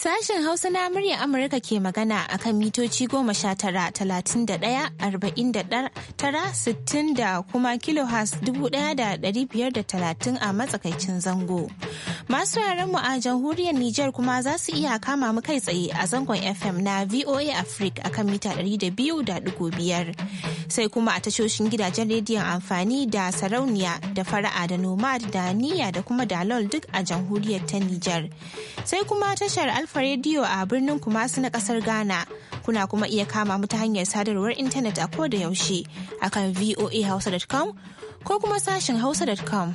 Sashen Hausa na murya Amurka ke magana a kan mitoci goma sha tara talatin da ɗaya arba'in da tara sittin da kuma kilohas dubu ɗaya da ɗari biyar da talatin a matsakaicin zango. Masu mu a jamhuriyar Nijar kuma za su iya kama mu kai tsaye a zangon FM na VOA Africa a kan mita ɗari da biyu da ɗigo biyar. Sai kuma a tashoshin gidajen rediyon amfani da sarauniya da fara'a da nomad da niyya da kuma dalol duk a jamhuriyar ta Nijar. Sai kuma tashar Alfa rediyo a birnin Kumasi na kasar Ghana. Kuna kuma iya kama mu ta hanyar sadarwar intanet a ko da yaushe akan voahausa.com ko kuma sashen hausa.com.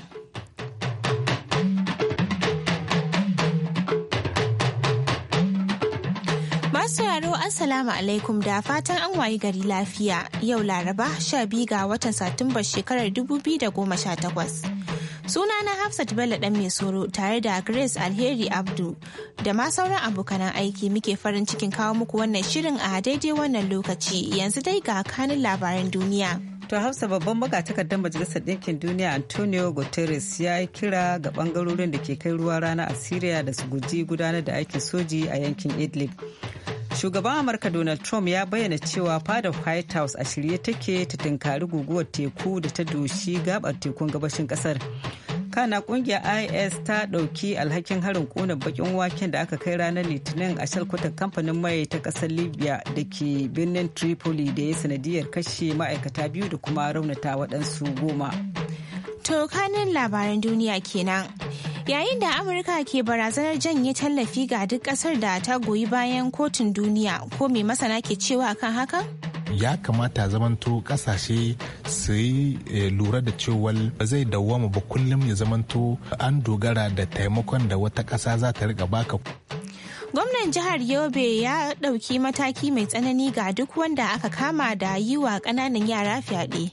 Masu yaro Assalamu alaikum da fatan an wayi gari lafiya yau Laraba 12 ga watan satumba shekarar 2018. Suna na Hafsat Bello dan mai soro tare da Grace Alheri Abdu da ma sauran abokanan aiki muke farin cikin kawo muku wannan shirin a daidai wannan lokaci yanzu dai ga kanin labaran duniya. To Hafsa babban takardar Majalisar Ɗinkin Duniya Antonio Guterres ya yi kira ga bangarorin da ke kai ruwa rana a syria da su guji gudanar da aikin soji a yankin Idlib. shugaban amurka donald trump ya bayyana cewa fadar white house a shirye take ta tunkari guguwar teku da ta doshi gabar tekun gabashin kasar kana kungiyar is ta dauki alhakin harin ƙunar bakin waken da aka kai ranar litinin a shalkwatar kamfanin mai ta kasar libya da ke birnin tripoli da ya sanadiyar kashe ma'aikata biyu da kuma raunata waɗansu goma to labaran duniya kenan Yayin da Amurka ke barazanar janye tallafi ga duk ƙasar da ta goyi bayan kotun duniya ko mai masana ke cewa kan haka? ya kamata zamanto kasashe su yi eh, lura da cewa zai dawwama ba kullum ya zamanto an dogara da taimakon da wata ƙasa za ta riga baka. Gwamnan jihar Yobe ya ɗauki mataki mai tsanani ga duk wanda aka kama da yi wa ƙananan yara fyaɗe.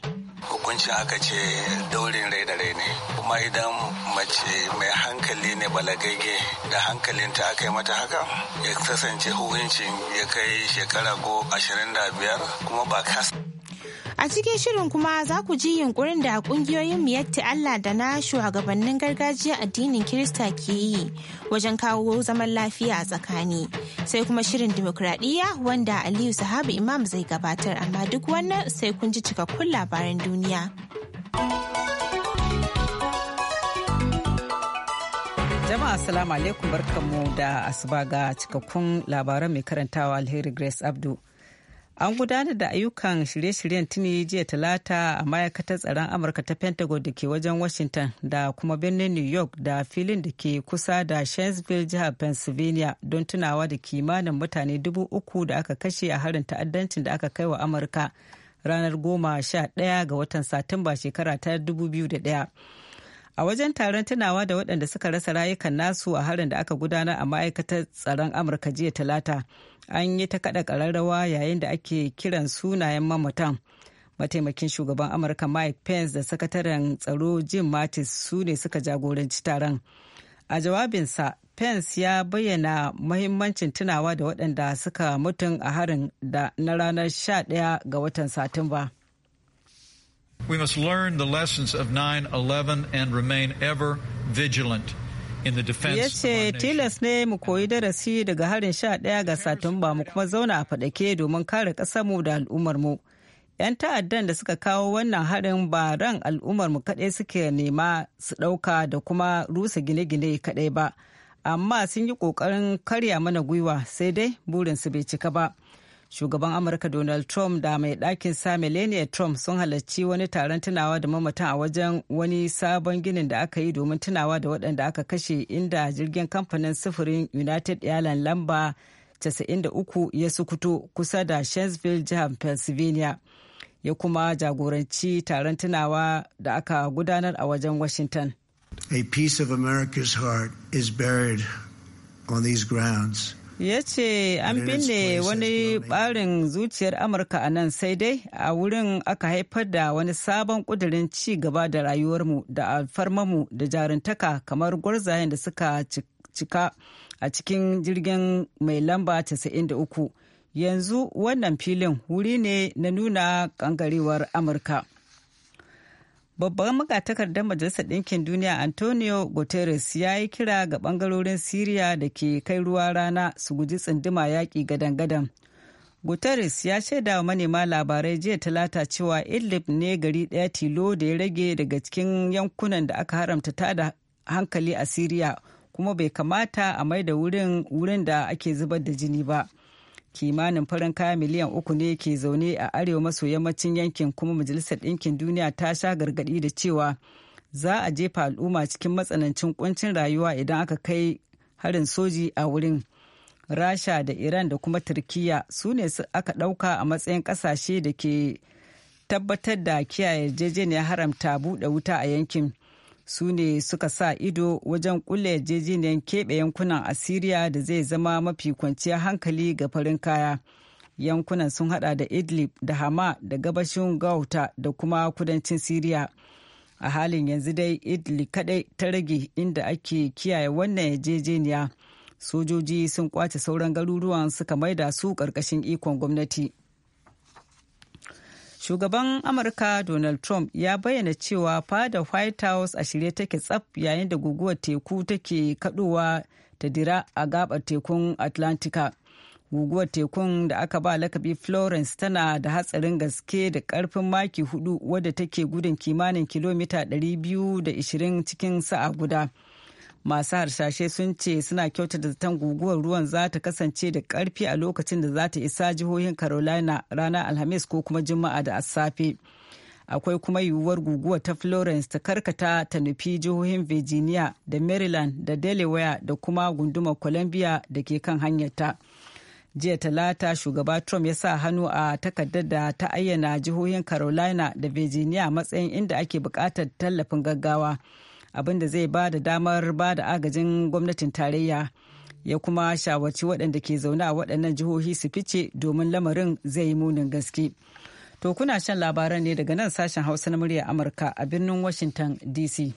Hukuncin aka ce kuma idan mace mai hankali ne balagage da hankalinta aka yi mata haka ya kasance hukuncin ya kai shekara da 25 kuma ba kasa A cikin shirin kuma za ku ji yunkurin da kungiyoyin miyatti Allah da na shugabannin gargajiya addinin Kirista ke yi wajen kawo zaman lafiya a tsakani. Sai kuma shirin dimokuraɗiyya wanda Aliyu Sahabu Imam zai gabatar amma duk wannan sai kun ji cikakkun labaran duniya. Jama'a assalamu alaikum barkanmu da asuba ga cikakkun labaran mai karantawa alheri Grace Abdu. An gudanar da ayyukan shirye-shiryen tuni jiya talata a ma'aikatar tsaron Amurka ta Pentagon da ke wajen Washington da kuma birnin New York da filin da ke kusa da Shanesville jihar Pennsylvania don tunawa da kimanin mutane dubu uku da aka kashe a harin ta'addancin da aka kai wa Amurka ranar goma sha ɗaya ga watan Satumba shekara ta dubu biyu da ɗaya. a wajen taron tunawa da waɗanda suka rasa rayukan nasu a harin da aka gudanar a ma'aikatar tsaron amurka jiya talata an yi ta kaɗa ƙararrawa yayin da ake kiran sunayen mamatan mataimakin shugaban amurka mike pence da sakataren tsaro jim mattis su ne suka jagoranci taron a jawabinsa pence ya bayyana mahimmancin tunawa da waɗanda suka mutum a harin da na ranar 11 ga watan satumba. We must learn the lessons of 9-11 and remain ever vigilant. ya ce tilas ne mu koyi darasi daga harin 11 ga satumba mu kuma zauna a faɗake domin kare ƙasarmu da al'ummarmu. 'yan ta'addan da suka kawo wannan harin ba ran al'ummarmu kaɗai suke nema su ɗauka da kuma rusa gine-gine kaɗai ba amma sun yi ƙoƙarin karya mana gwiwa sai dai burinsu bai cika ba shugaban amurka donald trump da mai ɗakin sa melania trump sun halarci wani taron tunawa da mamatan a wajen wani sabon ginin da aka yi domin tunawa da waɗanda aka kashe inda jirgin kamfanin sufurin united airlines lamba 93 ya sukuto kusa da shanesville jihar pennsylvania ya kuma jagoranci taron tunawa da aka gudanar a wajen washington a piece of america's heart is buried on these grounds ya ce an binne wani barin zuciyar amurka a nan sai dai a wurin aka haifar da wani sabon kudirin ci gaba da rayuwarmu da alfarmamu da jaruntaka kamar gwarzayen da suka cika a cikin jirgin mai lamba 93 yanzu wannan filin wuri ne na nuna ƙangarewar amurka babban magatakardar majalisar ɗinkin duniya antonio guterres ya yi kira ga ɓangarorin siriya da ke kai ruwa rana su guji tsunduma yaƙi gadan-gadan guterres ya shaida wa manema labarai jiya talata cewa idlib ne gari ɗaya tilo da ya rage daga cikin yankunan da aka haramta tada hankali a siriya kuma bai kamata a mai da wurin wurin da ake zubar da jini ba. kimanin farin kaya miliyan uku ne ke zaune a arewa maso yammacin yankin kuma majalisar ɗinkin duniya ta sha gargaɗi da cewa za a jefa al'umma cikin matsanancin kuncin rayuwa idan aka kai harin soji a wurin rasha da iran da kuma turkiya su ne aka ɗauka a matsayin ƙasashe da ke tabbatar da kiyaye yarjejeniyar haramta buɗe wuta a yankin su ne suka sa ido wajen kulle yarjejeniyar keɓe yankunan asiriya da zai zama mafi kwanciyar hankali ga farin kaya yankunan sun hada da idlib da hama da gabashin gauta da kuma kudancin siriya a halin yanzu dai idlib kadai ta rage inda ake kiyaye wannan yarjejeniya sojoji sun kwace sauran garuruwan suka maida su ƙarƙashin ikon gwamnati shugaban amurka donald trump ya bayyana cewa fada white house a shirye take tsaf yayin da guguwar teku take kaduwa ta dira a gabar tekun atlantika guguwar tekun da aka ba lakabi florence tana da hatsarin gaske da karfin maki hudu wadda take gudun kimanin kilomita 220 cikin sa'a guda. masu harsashe sun ce suna kyautata zaton guguwar ruwan za ta kasance da karfi a lokacin da za ta isa jihohin carolina ranar alhamis ko kuma juma'a da asafe akwai kuma yiwuwar guguwa ta florence ta karkata ta nufi jihohin virginia da maryland da delaware da kuma gundumar columbia da ke kan hanyarta jiya talata shugaba trump ya sa hannu a takardar da ta ayyana jihohin carolina da virginia matsayin inda ake bukatar tallafin gaggawa abin da zai ba da damar ba da agajin gwamnatin tarayya ya kuma shawarci waɗanda ke zaune a waɗannan jihohi su fice domin lamarin zai yi munin gaske to kuna shan labaran ne daga nan sashen hausa na murya amurka a birnin washington dc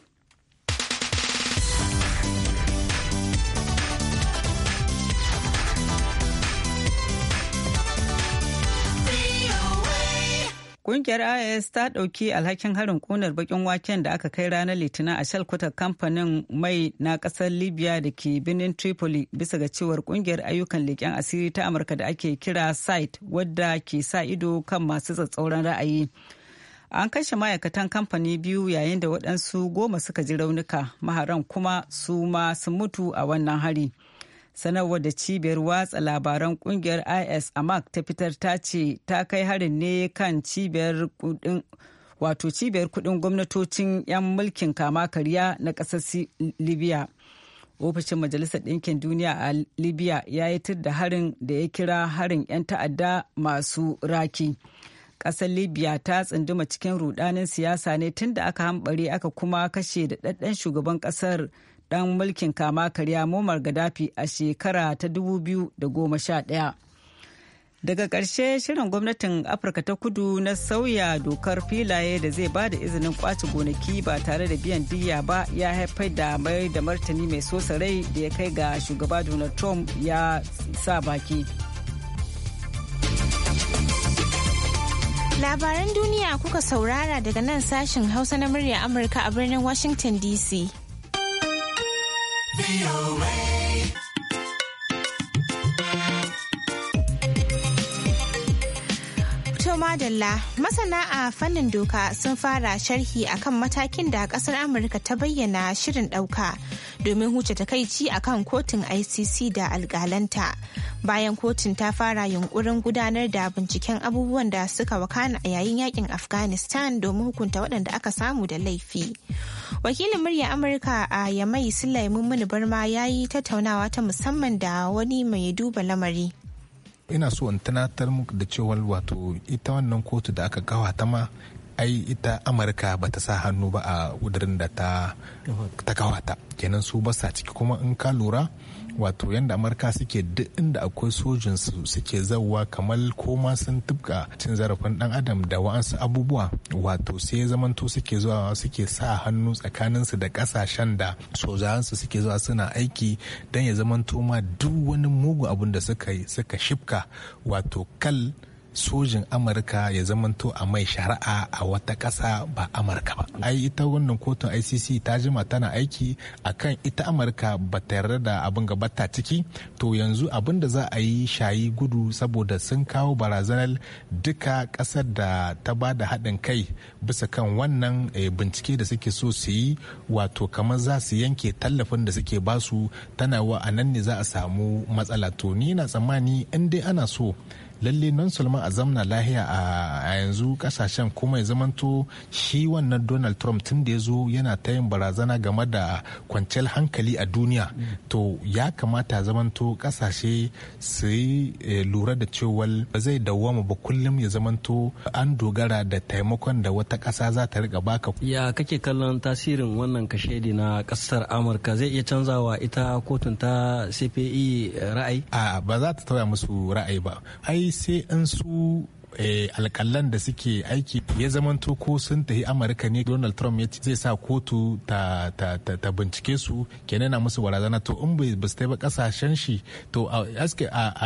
Kungiyar IS ta ɗauki alhakin harin kunar bakin waken da aka kai ranar Litinin a shalkutar kamfanin mai na ƙasar Libya da ke birnin Tripoli bisa ga cewar kungiyar ayyukan leƙen asiri ta Amurka da ake kira SITE wadda ke sa ido kan masu tsatsauran ra'ayi. An kashe ma'aikatan kamfani biyu yayin da waɗansu goma suka ji raunuka maharan kuma su ma sun mutu a wannan hari. sanarwar da cibiyar watsa labaran kungiyar is a amak ta fitar ta ce ta kai harin ne kan cibiyar kudin wato cibiyar kudin gwamnatocin 'yan mulkin kama karya na ƙasar libya ofishin majalisar ɗinkin duniya a libya ya yi da harin da ya kira harin 'yan ta'adda masu raki ƙasar libya ta tsunduma cikin rudanin siyasa ne tun da aka hambare aka kuma kashe da ɗaɗɗan shugaban ƙasar dan mulkin kama karya Muammar Gaddafi a shekara ta 2011. Daga ƙarshe shirin gwamnatin Afirka ta kudu na sauya dokar filaye da zai ba da izinin kwace gonaki ba tare da biyan diya ba ya haifar da mai da martani mai sosa rai da ya kai ga shugaba Donald Trump ya sa baki. Labaran duniya kuka saurara daga nan sashin Hausa na murya Amurka a birnin Washington DC. Radio. madalla masana a fannin doka sun fara sharhi akan matakin da kasar amurka ta bayyana shirin ɗauka domin huce takaici kan kotun icc da alkalanta bayan kotun ta fara yunkurin gudanar da binciken abubuwan da suka wakana a yayin yakin afghanistan domin hukunta waɗanda aka samu da laifi wakilin murya amurka a yamai sulaimun mini barma ya yi tattaunawa ta musamman da wani mai duba lamari ina so in tunatar muku da cewa wato ita wannan kotu da aka gawa ta ma ai ita amurka ba ta sa hannu ba a kudurin da ta kawata kenan su ba sa ciki kuma in ka lura wato yadda amurka suke duk inda akwai sojin su suke zauwa kamar koma sun tubka cin zarafin dan adam da wa'ansu abubuwa wato sai zamanto suke zuwa suke sa hannu tsakaninsu da kasashen da su suke zuwa suna aiki dan ya zamanto ma duk wani mugu abun da suka shifka wato kal sojin amurka ya zamanto a mai shari'a a wata ƙasa ba amurka ba ai ita wannan kotun icc ta jima tana aiki a kan ita amurka ba ta yarda da abin gaba ta ciki to yanzu abin da za a yi shayi gudu saboda sun kawo barazanar duka ƙasar da ta ba da haɗin kai bisa kan wannan eh, bincike da suke so su yi wato kamar za su yanke tallafin da suke basu tana wa a nan ne za a samu matsala to ni na tsammani in dai ana so lalle nan sulman a zamna lahiya a yanzu kasashen kuma ya zamanto shi wannan donald trump tun da ya zo yana ta yin barazana game da kwanciyar hankali a duniya to ya kamata zamanto kasashe su yi eh, lura da cewar ba zai dawwama ba kullum ya zamanto an dogara da taimakon da wata kasa za ta riga baka ya kake kallon tasirin wannan kashedi na kasar amurka zai iya canzawa ita kotun ta cpe eh, ra'ayi a ba za ta tauya musu ra'ayi ba ai sai an su eh, alkalan da suke aiki ya zamanto ko sun tafi amurka ne donald trump ya zai sa kotu ta, bincike su kenan na musu barazana to in ba su ba kasashen shi to a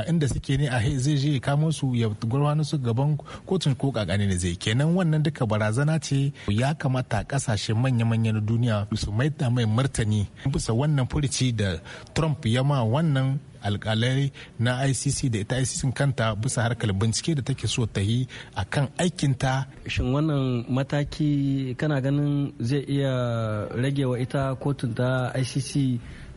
inda suke ne a zai je kamo su ya gurfana su gaban kotun ko kakani ne zai kenan wannan duka barazana ce ya kamata kasashe manya-manya na duniya su maida mai martani bisa wannan furici da trump ya ma wannan alkalai na icc da ita icc kanta bisa harkar bincike da take so ta yi a kan aikinta shin wannan mataki kana ganin zai iya ragewa ita kotun ta icc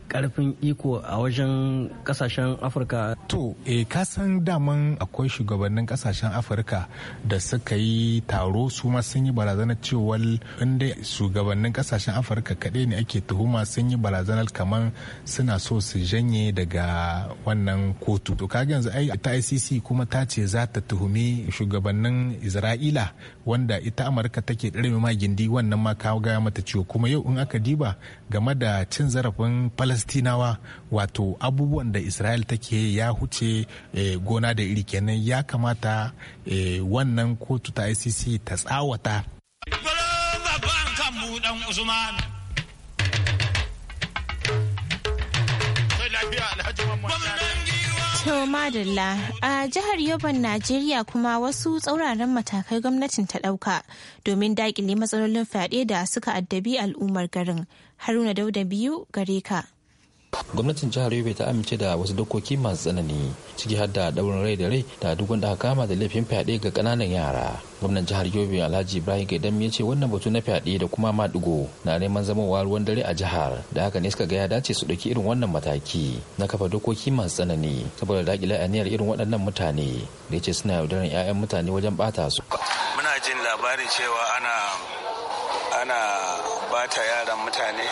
karfin iko a wajen kasashen afirka to e eh, kasan daman akwai shugabannin kasashen afirka da suka yi taro su ma sun yi barazanar cewa inda shugabannin kasashen afirka kaɗai ne ake tuhuma sun yi barazanar kamar suna so su janye daga wannan kotu to kaga yanzu ai ta icc kuma ta ce za ta tuhumi shugabannin isra'ila wanda ita amurka take ɗirme ma gindi wannan ma kawo gaya mata ciwo kuma yau in aka diba game da cin zarafin palestine falastinawa wato abubuwan da isra'il take ya huce eh, gona da iri kenan ya kamata eh, wannan kotu ta icc ta tsawata To madalla a jihar Yoban Najeriya kuma wasu tsauraran matakai gwamnatin ta ɗauka domin daƙile matsalolin fyaɗe da suka addabi al'ummar garin. Haruna Dauda biyu gare ka. gwamnatin jihar yobe ta amince da wasu dokoki masu tsanani ciki har da daurin rai da rai da duk wanda aka kama da laifin fyaɗe ga ƙananan yara gwamnan jihar yobe alhaji ibrahim gaidam ya ce wannan batu na fyaɗe da kuma maɗigo na neman zamowa ruwan dare a jihar da haka ne suka ga ya dace su ɗauki irin wannan mataki na kafa dokoki masu tsanani saboda daƙile aniyar irin waɗannan mutane da ya ce suna yaudaran 'ya'yan mutane wajen ɓata su. muna jin labarin cewa ana ana bata yaran mutane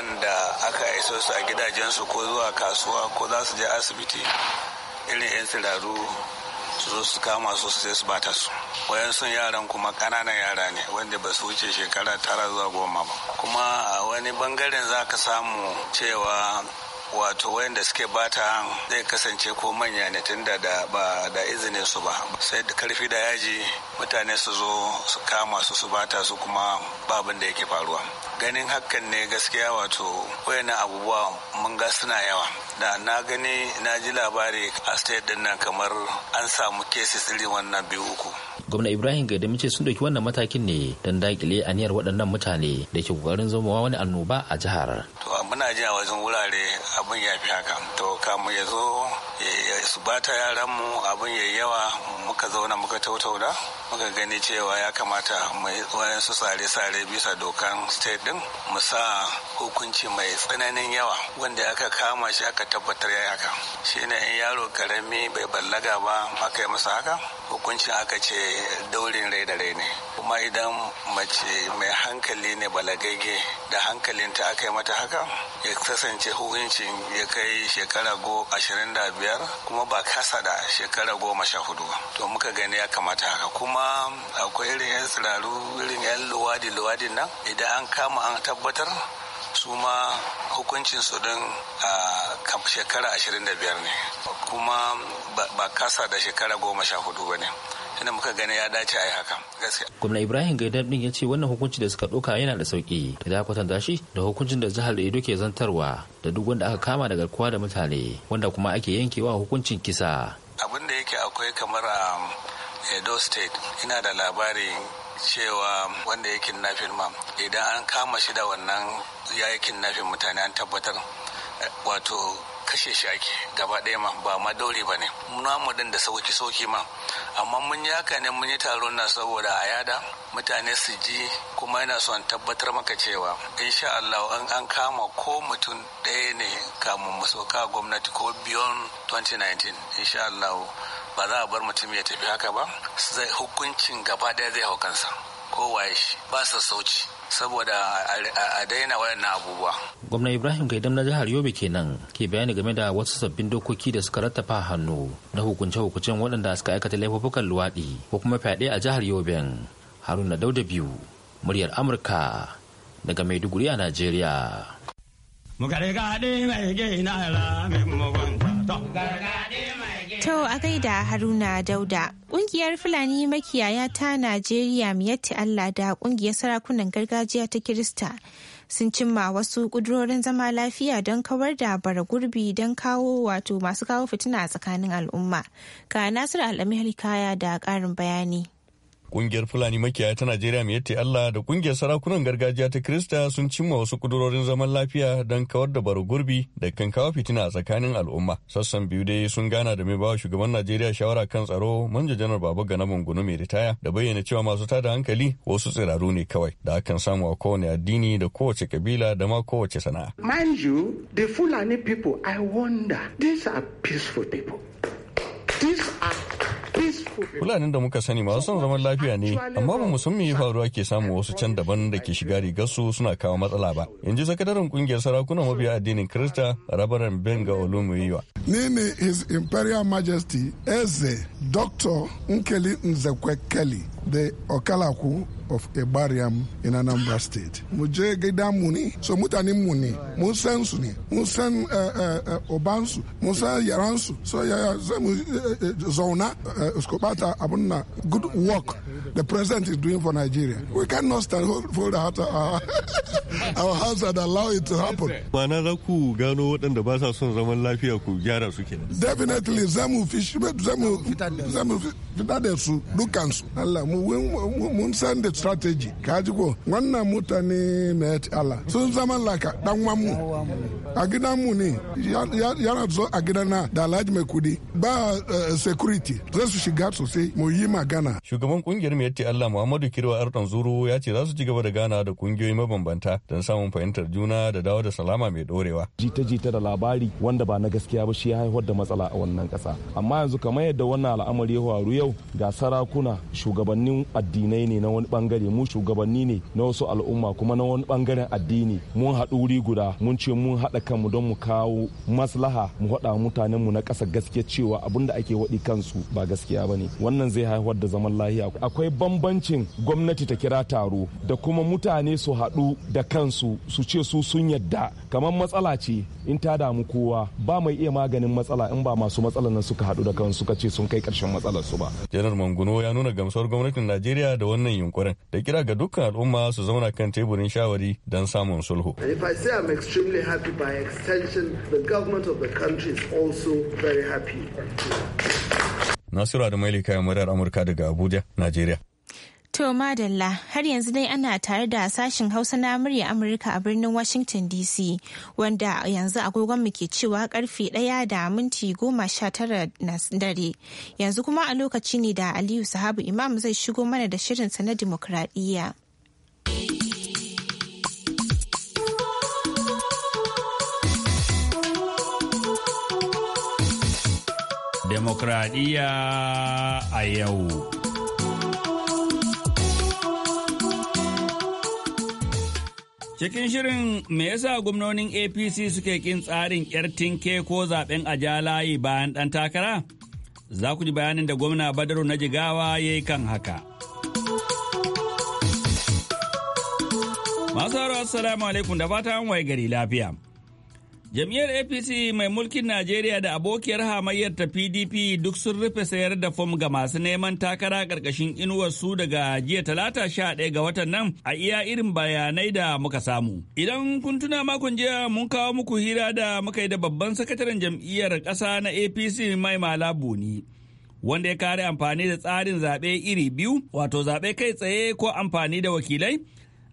da aka iso su a gidajensu ko zuwa kasuwa ko za su je asibiti irin 'yan tsiraru su zo su kama su sai su bata su wayansu yaran kuma kananan yara ne wanda ba su wuce shekara tara zuwa goma ba kuma a wani bangaren za ka samu cewa wato wayanda suke bata zai kasance ko manya ne tunda da ba da izinin su ba sai da karfi da yaji mutane su zo su kama su su bata su kuma babin da yake faruwa ganin hakan ne gaskiya wato wayannan abubuwa mun ga suna yawa da na gani na ji labari a state din nan kamar an samu cases irin wannan biyu uku gwamna ibrahim gaidamice sun dauki wannan matakin ne don dakile aniyar waɗannan mutane da ke kokarin zama wani annoba a jihar to muna ji a wajen wurare abin ya fi haka to kamun ya zo Eh, su bata mu abin yayi yawa muka zauna muka tautauna muka gani cewa ya kamata mai su sare-sare bisa dokan state din mu sa hukunci mai tsananin yawa wanda aka kama shi aka tabbatar ya haka shine in yaro karami bai ballaga ba aka yi masa haka hukuncin aka ce daurin rai da rai ne kuma idan mace mai hankali ne balagage da hankalinta aka yi mata haka ya kasance hukuncin ya kai shekara go ashirin da biyar biyar kuma ba kasa da shekara goma sha hudu to muka gani ya kamata haka kuma akwai irin yan tsiraru irin yan luwadi luwadi nan idan an kama an tabbatar su ma hukuncin su din a shekara ashirin da biyar ne kuma ba kasa da shekara goma sha hudu ba ne inda muka gani ya dace a yi haka gaskiya gwamna ibrahim gaidar din ya ce wannan hukunci da suka ɗauka yana da sauki da ya kwatanta da hukuncin da jihar ido ke zantarwa da duk wanda aka kama daga kowa da mutane wanda kuma ake yankewa hukuncin kisa abin da yake akwai kamar a um, edo state ina da labari cewa wanda ya kidnapping ma idan an kama shi da wannan ya yi mutane an tabbatar eh, wato kashe shi ake gaba ɗaya ma ba ma daure ba ne namu din da sauki sauki ma amma mun yi haka ne mun yi taron na saboda a yada mutane su ji kuma yana son tabbatar maka cewa insha Allah an kama ko mutum ɗaya ne kamun mu gwamnati ko biyon 2019 insha Allah ba za a bar mutum ya tafi haka ba hukuncin gaba ɗaya zai hau kansa ko waye shi ba sauci. saboda a daina waɗannan abubuwa. Gwamna Ibrahim Gaidam na jihar Yobe kenan ke bayani game da wasu sabbin dokoki da suka rattafa hannu na hukunce-hukuncen waɗanda suka aikata laifukan luwaɗi ko kuma fyaɗe a jihar Yobe. Haruna Dauda biyu muryar Amurka daga Maiduguri a Najeriya. Mu gargaɗi mai gina To a gaida Haruna Dauda. Kungiyar Fulani makiyaya ta Najeriya miyatti Allah da kungiyar sarakunan gargajiya ta Kirista sun cimma wasu kudurorin zama lafiya don kawar da bara gurbi don kawo wato masu kawo fitina a tsakanin al'umma. Ka Nasiru Al'amihar da ƙarin bayani. Kungiyar Fulani makiyaya ta Najeriya mai yatti Allah da kungiyar sarakunan gargajiya ta Krista sun cimma wasu kudurorin zaman lafiya don kawar da baro gurbi da kan kawo fitina a tsakanin al'umma. Sassan biyu dai sun gana da mai bawa shugaban Najeriya shawara kan tsaro manja janar Baba Gana bungunu mai ritaya da bayyana cewa masu tada hankali wasu tsiraru ne kawai da akan samu a kowane addini da kowace kabila da ma kowace sana'a. Mind you, the Fulani people, I wonder, these are peaceful people. These are Fulanin da muka sani masu son zaman lafiya ne, amma ba mu san me ya faruwa ke samun wasu can daban da ke shiga rigarsu suna kawo matsala ba. In ji sakataren kungiyar sarakuna mabiya addinin Kirista, Rabaran Benga Olumuyiwa. Ni ne His Imperial Majesty Eze Dr. Nkeli Nzekwekeli the Okalaku of Ebariam in Anambra State. Muje gida muni, so mutani muni, musen suni, musen obansu, musen yaransu, so ya eh, eh, zona, eh, skopata abunna. Good work the president is doing for Nigeria. We cannot stand hold, hold out our, hands and allow it to happen. Ma'ana ku gano waɗanda ba sa son zaman lafiya ku gyara su Definitely zamu fitar da su dukansu. Allah mun san da strategy ka ko wannan mutane na Allah sun zama laka dan wamu a gidan mu ne yana zo a gidan na da alhaji mai kudi ba eh, security zai su shiga sosai mu yi magana shugaban kungiyar mai Allah Muhammadu Kirwa Ardan Zuru ya ce za su ci gaba da gana da kungiyoyi mabambanta don samun fahimtar juna da dawo da salama mai dorewa jita-jita da labari wanda ba na gaskiya ba shi ya haifar da matsala a wannan kasa amma yanzu kamar yadda wannan al'amari ya faru yau ga sarakuna shugaban shugabannin addinai ne na wani bangare mu shugabanni ne na wasu al'umma kuma na wani bangaren addini mun haɗu wuri guda mun ce mun haɗa kanmu don mu kawo maslaha mu haɗa mutanen mu na ƙasa gaskiya cewa abin da ake waɗi kansu ba gaskiya ba ne wannan zai haifar da zaman lahiya akwai bambancin gwamnati ta kira taro da kuma mutane su haɗu da kansu su ce su sun yadda kamar matsala ce in ta damu kowa ba mai iya maganin matsala in ba masu matsalan nan suka haɗu da kansu suka ce sun kai karshen matsalar su ba janar manguno ya nuna gamsuwar gwamnati gwamnatin Najeriya da wannan yunkurin da kira ga dukkan al'umma su zauna kan teburin shawari don samun sulhu. If I say I'm extremely happy by extension, the government of the country is also very happy. Nasiru kayan murar Amurka daga Abuja, Najeriya. To Madalla har yanzu dai ana tare da sashin Hausa na murya Amurka a birnin Washington DC wanda yanzu agogon mu ke cewa karfe ɗaya da minti goma sha tara na dare. Yanzu kuma a lokaci ne da Aliyu Sahabu Imam zai shigo mana da shirinsa na dimokuraɗiyya. Demokradiyya a yau. Cikin shirin me yasa gwamnonin APC suke kin tsarin yar tinke ko zaben a layi bayan ɗan takara? Za ku ji bayanin da gwamna Badaru na jigawa ya yi kan haka. Masu haro assalamu alaikum da fatan waye gari lafiya. Jam'iyyar APC mai mulkin Najeriya da abokiyar hamayyar ta PDP duk sun rufe sayar da fom ga masu neman takara karkashin inuwarsu daga jiya talata sha ɗaya ga watan nan a iya irin bayanai da muka samu. Idan kun tuna makon jiya mun kawo muku hira da muka yi da babban sakataren jam'iyyar ƙasa na APC mai mala Buni. Wanda ya kare amfani da tsarin zaɓe iri biyu, wato zaɓe kai tsaye ko amfani da wakilai,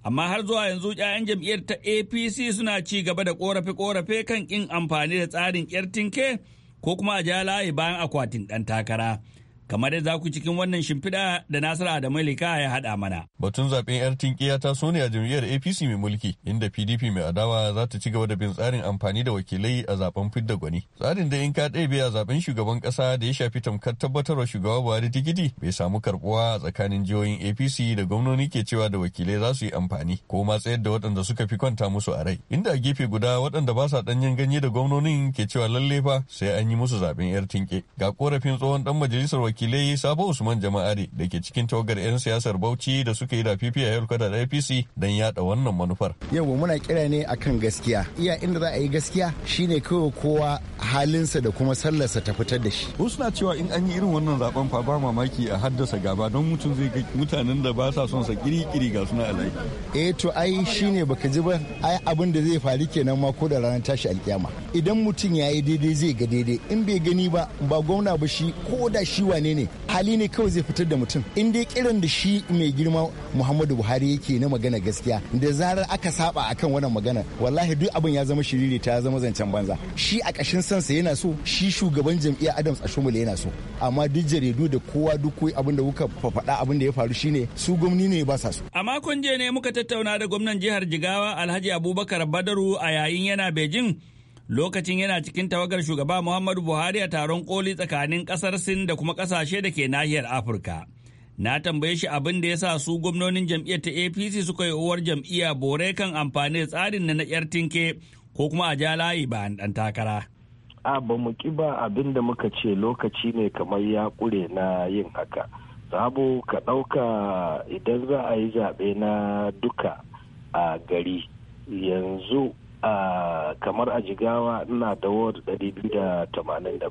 amma har zuwa yanzu 'ya'yan jam'iyyar ta apc suna ci gaba da korafe-korafe kan kin amfani da tsarin yar tinke ko kuma a ja layi bayan akwatin ɗan takara kamar da za ku cikin wannan shimfiɗa da nasiru adamu lika ya haɗa mana Batun zaben 'yar tinkiya ta so ne a jam'iyyar APC mai mulki inda PDP mai adawa za ta ci gaba da bin tsarin amfani da wakilai a zaben fidda gwani. Tsarin da in ka ɗebe a zaben shugaban ƙasa da ya shafi tamkar tabbatarwa shugaba Buhari tikiti bai samu karbuwa a tsakanin jihohin APC da gwamnoni ke cewa da wakilai za su yi amfani ko ma tsayar da waɗanda suka fi kwanta musu a rai. Inda a gefe guda waɗanda ba sa ɗanyen ganye da gwamnonin ke cewa lalle fa sai an yi musu zaben 'yar tinke. Ga korafin tsohon ɗan majalisar wakilai Sabo Usman Jama'ari da ke cikin tawagar 'yan siyasar Bauchi da su suka yi da fifi a da apc don yada wannan manufar yau muna kira ne akan gaskiya iya inda za a yi gaskiya shine kawai kowa halinsa da kuma sallarsa ta fitar da shi wasu na cewa in an yi irin wannan zaben fa ba mamaki a haddasa gaba don mutum zai ga mutanen da ba sa son sa kiri-kiri ga suna alai eh to ai shine baka ji ba ai abin da zai faru kenan ma ko da ranar tashi alkiyama idan mutum ya yi daidai zai ga daidai in bai gani ba ba gwamna ba shi ko da shi wane ne hali ne kawai zai fitar da mutum in dai kiran da shi mai girma muhammadu buhari yake na magana gaskiya da zarar aka saba akan wannan magana wallahi duk abin ya zama shiriri ta zama zancen banza shi a kashin sansa yana so shi shugaban jam'iyyar adams ashumule yana so amma duk jaridu da kowa duk koyi abin da kuka faɗa abin da ya faru shine su gwamni ne ba sa so a makon jiya ne muka tattauna da gwamnan jihar jigawa alhaji abubakar badaru a yayin yana beijing lokacin yana cikin tawagar shugaba Muhammadu Buhari a taron koli tsakanin kasar Sin da kuma kasashe da ke nahiyar Afirka. Na tambaye shi abin da ya sa su gwamnonin jam'iyyar ta APC suka yi uwar jam'iyya bore kan amfani tsarin na na 'yar tinke ko kuma a ja layi ba ɗan takara. a ba mu ki ba abin da muka ce lokaci ne kamar ya ƙure na yin haka sabo ka ɗauka idan za a yi zaɓe na duka a gari yanzu a kamar a jigawa ina da ward 287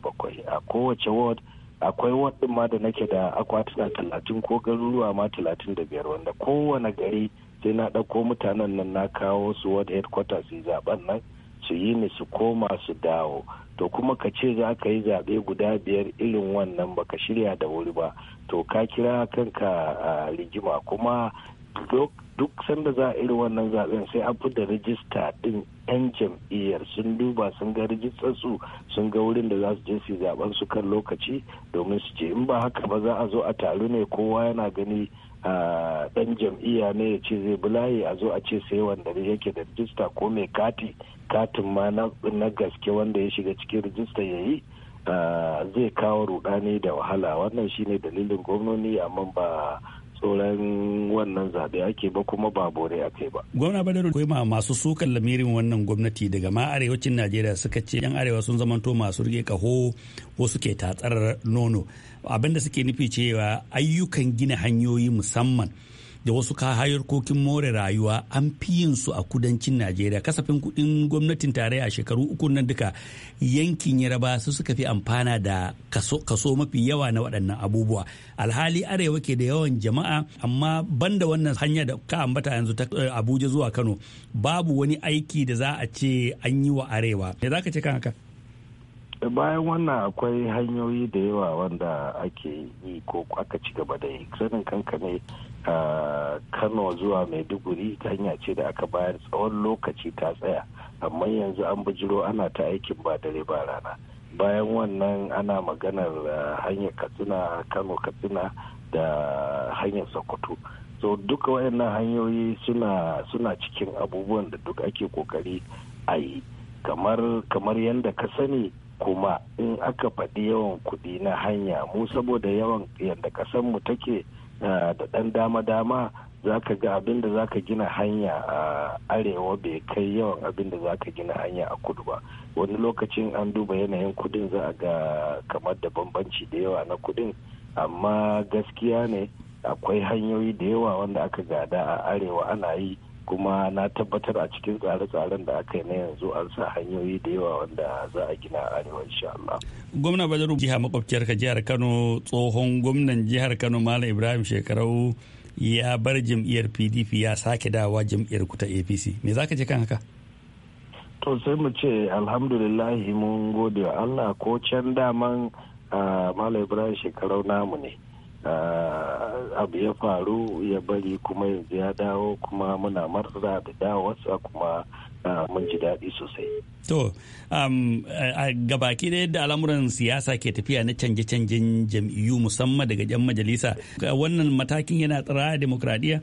a kowace ward akwai wadin ma da nake da akwatuna talatin ko garuruwa ma talatin da biyar wanda kowane gari sai na ɗauko mutanen nan na kawo su wadda headquarters su zaben nan su yi ni su koma su dawo to kuma ka ce za ka yi zaɓe guda biyar irin wannan baka shirya da wuri ba to ka kira kanka rigima kuma duk sanda za a iri wannan zaben sai an da rijista din 'yan jam'iyyar sun duba sun ga rijistar su sun ga wurin da za su je su zaben su kan lokaci domin su ce in ba haka ba za a zo a taru ne kowa yana gani dan jam'iyya ne ya ce zai bulaye a zo a ce sai wanda yake da rijista ko mai kati katin ma na gaske wanda ya shiga cikin rijista ya yi zai kawo rudani da wahala wannan shine dalilin gwamnoni amma ba tsoron wannan zaɓe ake ba kuma ba bore ake ba. Gwamna Badaru ma masu sukan lamirin wannan gwamnati daga ma arewacin Najeriya suka ce 'yan arewa sun zamanto masu rike kaho wasu ke tatsar nono. abinda suke nufi cewa ayyukan gina hanyoyi musamman da wasu hayarkokin more rayuwa an fi yin su a kudancin najeriya kasafin kudin gwamnatin tarayya shekaru uku nan duka yankin yaraba su suka fi amfana da kaso, mafi yawa na waɗannan abubuwa alhali arewa ke da yawan jama'a amma banda wannan hanya da ka ambata yanzu ta eh, abuja zuwa kano babu wani aiki da za a ce an yi wa arewa me za ka ce kan haka bayan wannan akwai hanyoyi da yawa wanda ake yi ko aka ci gaba da yi sanin kanka ne kano zuwa maiduguri ta hanya ce da aka bayar tsawon lokaci ta tsaya amma yanzu an bijiro ana ta aikin ba dare ba rana bayan wannan ana maganar hanyar katsina kano katsina da hanyar sokoto so duka wayannan hanyoyi suna suna cikin abubuwan da duk ake kokari a yi kamar kamar yadda ka sani kuma in aka faɗi yawan kuɗi na hanya mu saboda yawan yadda san mu take da ɗan dama-dama zaka ga abin da za gina hanya a arewa bai kai yawan abin da za gina hanya a kudu ba wani lokacin an duba yanayin kudin za a ga kamar da bambanci da yawa na kudin amma gaskiya ne akwai hanyoyi da yawa wanda aka gada a arewa ana yi kuma na tabbatar a cikin tsare-tsaren da aka yi na yanzu an sa hanyoyi da yawa wanda za a gina a arewa insha Allah. Gwamna Badaru jiha makwabciyar ka jihar Kano tsohon gwamnan jihar Kano Malam Ibrahim Shekarau ya bar jam'iyyar PDP ya sake dawa jam'iyyar ku ta APC. Me ka ce kan haka? To sai mu ce alhamdulillahi mun gode wa Allah ko can daman ah, Malam Ibrahim Shekarau namu ne. Ah, abu ya faru ya bari kuma yanzu ya dawo kuma muna marza da dawowarsa kuma ah, mun ji daɗi sosai. To, um, ga baki da yadda al'amuran siyasa ke tafiya na canje-canjen jam'iyyu musamman daga 'yan majalisa, wannan matakin yana tsara demokradiyya?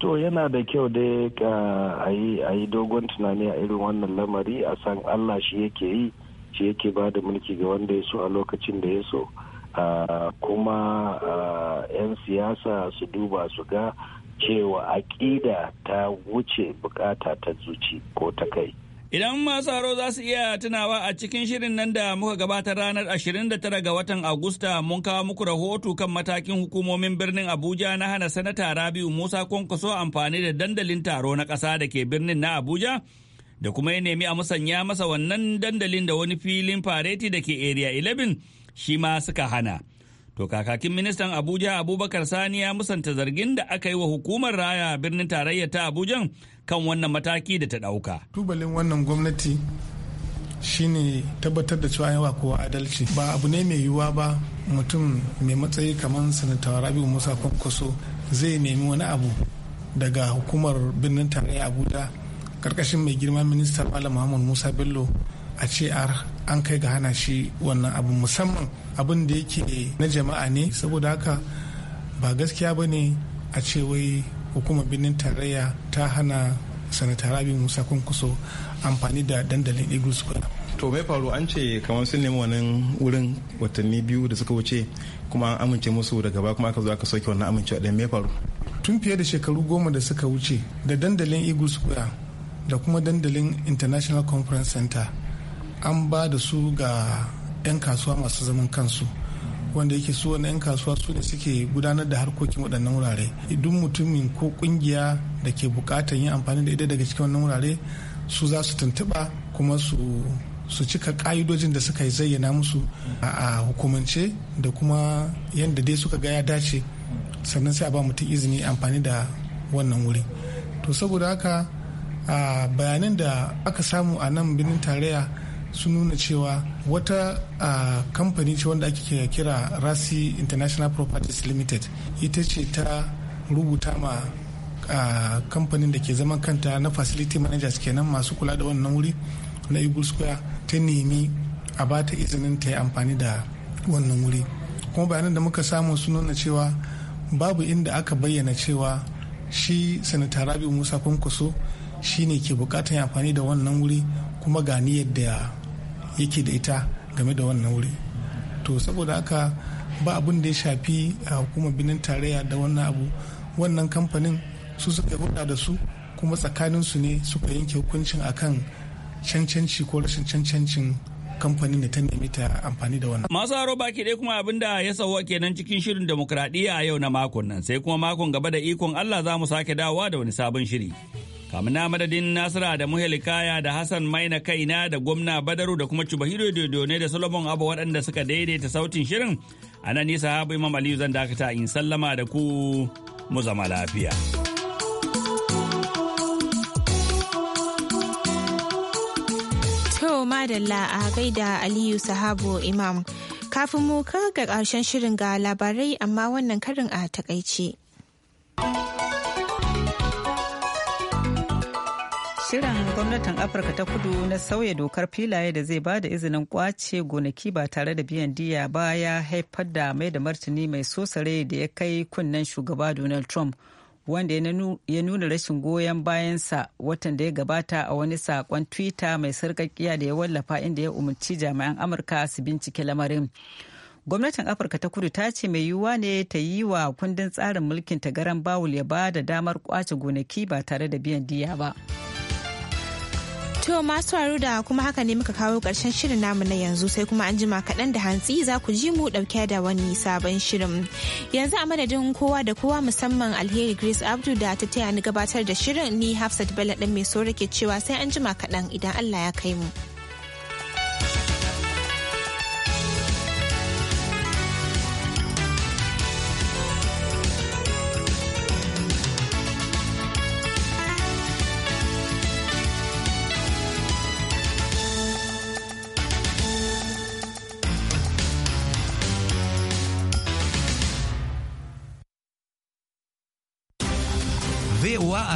To yana da kyau dai a yi dogon tunani a irin wannan lamari a san Allah shi yake yi, shi yake ba da mulki ga wanda ya so a lokacin da ya so. kuma 'yan siyasa su duba su ga cewa aƙida ta wuce bukata ta zuci ko ta kai. Idan masu haro za su iya tunawa a cikin shirin nan da muka gabata ranar 29 ga watan Agusta mun kawo muku rahoto kan matakin hukumomin birnin Abuja na hana sanata Rabiu Musa Kwankwaso amfani da dandalin taro na ƙasa da ke birnin na Abuja da kuma ya nemi a musanya masa wannan dandalin da wani filin fareti da ke Area 11 shi ma suka hana. To kakakin ministan Abuja Abubakar Sani ya musanta zargin da aka yi wa hukumar raya birnin tarayya ta Abuja kan wannan mataki da ta ɗauka. Tubalin wannan gwamnati shine tabbatar da cewa yawa kowa adalci ba abu ne mai yiwuwa ba mutum mai matsayi kamar sanata rabiu musa kwankwaso zai nemi wani abu daga hukumar birnin tarayya abuja karkashin mai girma ministan malam muhammad musa bello a ce an kai ga hana shi wannan abu musamman abin da yake na jama'a ne saboda haka ba gaskiya ba ne a ce wai hukumar birnin tarayya ta hana sanata rabi musa kunkuso amfani da dandalin eagle square to mai faru an ce kamar sun nemi wannan wurin watanni biyu da suka wuce kuma an amince musu da gaba kuma aka zo aka soke wannan amincewa da mai faru tun fiye da shekaru goma da suka wuce da dandalin eagle square da kuma dandalin international conference center an ba da su ga 'yan kasuwa masu zaman kansu wanda yake su wani 'yan kasuwa su ne suke gudanar da harkokin waɗannan wurare idan mutumin ko ƙungiya da ke buƙatar yin amfani da ita daga cikin wannan wurare su za su tuntuɓa kuma su cika ƙa'idojin da suka yi zayyana musu a hukumance da kuma yadda dai suka ga ya dace sannan sai a ba mutum izini amfani da wannan wuri to saboda haka bayanan da aka samu a nan birnin tarayya sun nuna cewa wata kamfani ce wanda ake kira rasi international properties limited ita ce ta rubuta ma kamfanin da ke zaman kanta na facility managers kenan masu kula da wannan wuri na eagle square ta nemi a ba ta izinin ta yi amfani da wannan wuri kuma bayanan da muka samu sun nuna cewa babu inda aka bayyana cewa shi sanata rabi musa kwankwaso shi ne ke bukatar amfani da wannan wuri kuma ga niyyar da yake da ita game da wannan wuri to saboda haka ba abin da ya shafi a hukumar binin tarayya da wannan abu wannan kamfanin su suka hulɗa da su kuma tsakanin su ne suka yanke hukuncin akan cancanci ko rashin cancancin kamfanin da ta nemi ta amfani da wannan. Masu haro baki dai kuma abin da ya sauwa kenan cikin shirin demokradiyya yau na makon nan sai kuma makon gaba da ikon Allah za mu sake dawowa da wani sabon shiri. kamuna madadin nasira da muhelikaya da hassan maina kaina da gwamna badaru da kuma cibahiro dodo ne da solomon abu waɗanda suka daidaita sautin shirin a nan nisa habu imam aliyu zan dakata in sallama da ku mu zama lafiya to madalla a gaida aliyu sahabu imam kafin mu ga karshen shirin ga labarai amma wannan karin a takaice. gwamnatin afirka ta kudu na sauya dokar filaye da zai ba da izinin kwace gonaki ba tare da biyan diya ba ya haifar da mai da martani mai sosare da ya kai kunnen shugaba donald trump wanda ya nuna rashin goyon bayansa watan da ya gabata a wani sakon twitter mai sarkakkiya da ya wallafa inda ya umarci jami'an amurka su bincike lamarin gwamnatin afirka ta kudu ta ce mai yiwuwa ne ta yi wa kundin tsarin mulkin ta garan bawul ya ba da damar kwace gonaki ba tare da biyan diya ba. To masu faru da kuma haka ne muka kawo ƙarshen shirin namu na yanzu sai kuma an jima kaɗan da hantsi za ku ji mu ɗauke da wani sabon shirin. Yanzu a madadin kowa da kowa musamman alheri Grace Abdu da ta taya ni gabatar da shirin ni Hafsat Bello ɗan mai so cewa sai an jima kaɗan idan Allah ya kai mu.